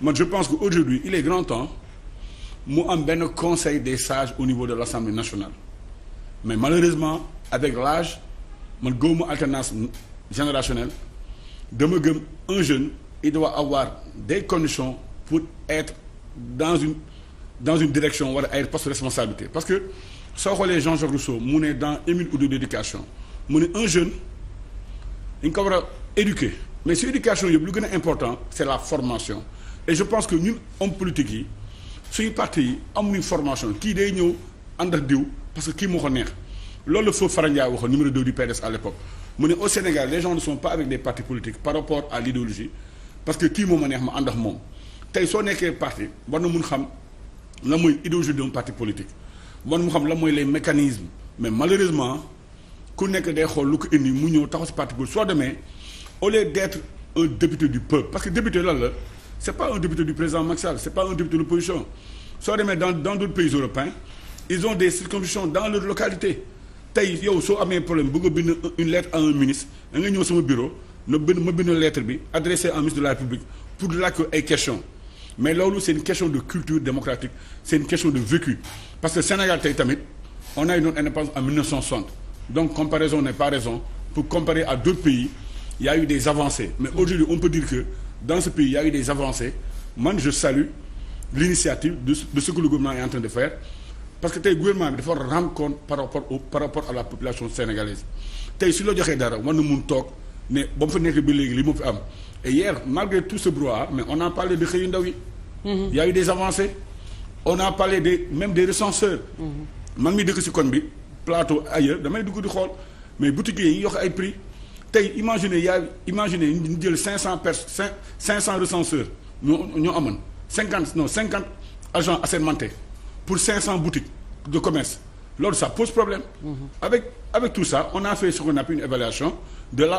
man je pense que aujourd'hui il est grand temps mu am benn conseil des sages au niveau de l'Assemblée nationale mais malheureusement avec l'âge man gëwuma alternance générationnelle dama gëm un jeune il doit avoir des conditions pour être dans une dans une direction wala ay poste de responsabilité parce que soo xoolee Jean-Jacques Rousseau mu ne dans Émile Oudou d'éducation mu ne un jeune dañ ko war a éduquer mais si éducation yëpp lu gën a important c'est la formation et je pense que ñun homme politique yi suñu parti yi amuñu formation kii day ñëw ànd ak diw parce que kii moo ko neex loolu la foofu Fara yaa waxoon numéro 2 du PDS à l'époque mu ne au Sénégal les gens ne sont pas avec des partis politiques par rapport à l'idéologie parce que kii moom a neex ma ànd ak moom tey soo nekkee parti war na mun xam la mooy idéologie d'un parti politique war na mun xam la mooy les mécanismes mais malheureusement ku nekk day xool lu ko indi mu ñëw taxaw si parti politique soo demee au lieu d'être un député du peuple parce que député lan la c' est pas un député du président Macky Sall pas un député de l'opposition soo demee dans dans d'autres pays européens ils ont des circonscriptions dans leur localité tey yow soo amee problème bëgg a bind une lettre à un ministre da nga ñëw sama bureau na bind ma bind lettre bi adressé à un ministre de la République pour laaj ko ay questions mais loolu c' est une question de culture démocratique c' est une question de vécu parce que Sénégal tey tamit on a eu notre indépendance en 1960 donc comparaison n'est pas raison pour comparer à d'autres pays il y a dans ce pays il y a eu des avancées man je salue l'initiative de de ce que le gouvernement est en train de faire parce que tey gouvernement bi dafa war a par rapport au par rapport à la population sénégalaise tey su la joxee dara war na mun toog ne ba mu fa nekk bi léegi li mu fi am et hier malgré tout ce mais on a parlé de xëyu ndaw yi. Mhm. y des avancées on a parlé des même des recenseurs. Mhm. man mi dëkk ci koñ bi plateau ailleurs damay dugg di xool mais boutiquiers yi ñu joxe prix. tey imaginez yaa imaginez ñu jël cinq cent personnes cinq cent recenseurs ñoo ñoo amoon cinquante non cinquante agents assermentés pour cinq cent boutiques de commerce loolu ça pose problème mm -hmm. avec avec tout ça on a fait ce qu'on appelle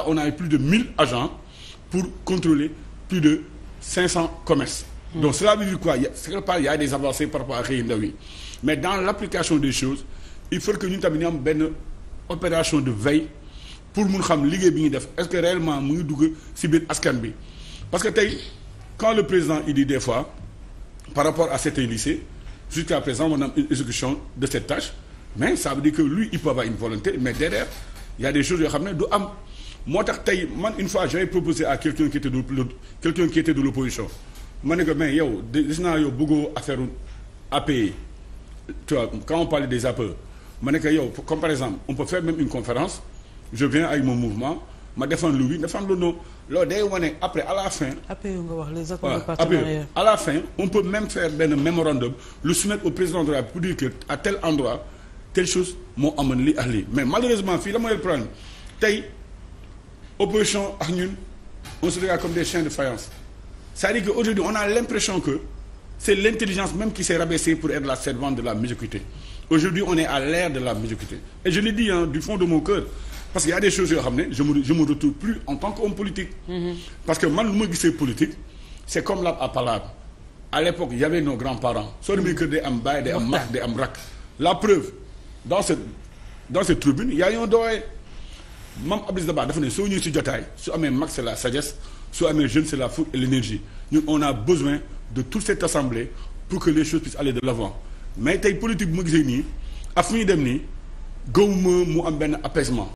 on a eu plus de mille agents pour contrôler plus de cinq cent commerces mm -hmm. donc cela veut dire quoi quelque part il y a des avancées par rapport à xëy ndaw mais dans l'application des choses il faut que ñun tamit ñu am benn opération de veille pour mun xam liggéey bi ñuy def est-ce que réellement mu ngi dugg si biir askan bi parce que tey quand le président il dit des fois par rapport à certains lycées jusqu'à présent on a une exécution de cette tâche mais ça veut dire que lui il peut avoir une volonté mais derrière il y des choses yoo xam ne du am moo tax tey man une fois j'avais proposé à quelqu'un qui était de quelqu'un qui était de l'opposition ma ne que mais yow gis na yow bëggoo affaire APE tu vois quand des APE ma ne ko yow comme par exemple on je viens avec mon mouvement ma défendre le oui défendre le non loolu day wane après après wax les à la fin on peut même faire benn mémorandum le soumettre au président de la République pour dire que à tel endroit telle chose moo amoon lii ak lii mais malheureusement fii la mooy problème tey opposition ak ñun on se regarde comme des chiens de faïence c'est-à-dire que on a l'impression que c'est l'intelligence même qui s'est rabaissée pour être la servante de la médiocrité aujourd'hui on est parce que y a des choses yoo xam ne je me je me retrouve plus en tant qu'homme politique. Mm-hmm. parce que man lu ma gisee politique c'est comme l'arbre à palabre à l'époque y avait nos grands-parents soo demee mm-hmm. kër day am baay am mm-hmm. mag day am rak la preuve dans cette dans cette tribune y a un doyen Mame Abdou Dabakh dafa ne soo ñëwee ci jotaay su amee mag c'est la sagesse su amee jeune c'est la fougue et l'énergie ñun on a besoin de toute cette assemblée pour que les choses puissent aller de l'avant tey politique bu ma fu ñu dem nii gëwuma mu benn apaisement